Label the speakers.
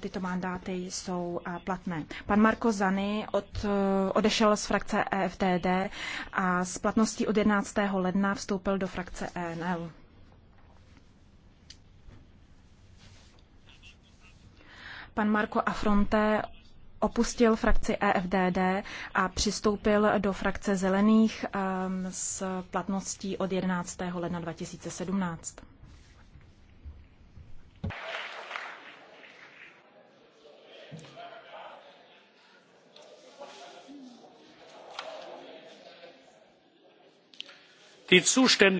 Speaker 1: tyto mandáty jsou platné. Pan Marko Zany od, e, odešel z frakce EFTD a s platností od 11. ledna vstoupil do frakce ENL. Pan Marko Afronte opustil frakci EFDD a přistoupil do frakce Zelených e, s platností od 11. ledna 2017.
Speaker 2: die zuständigkeit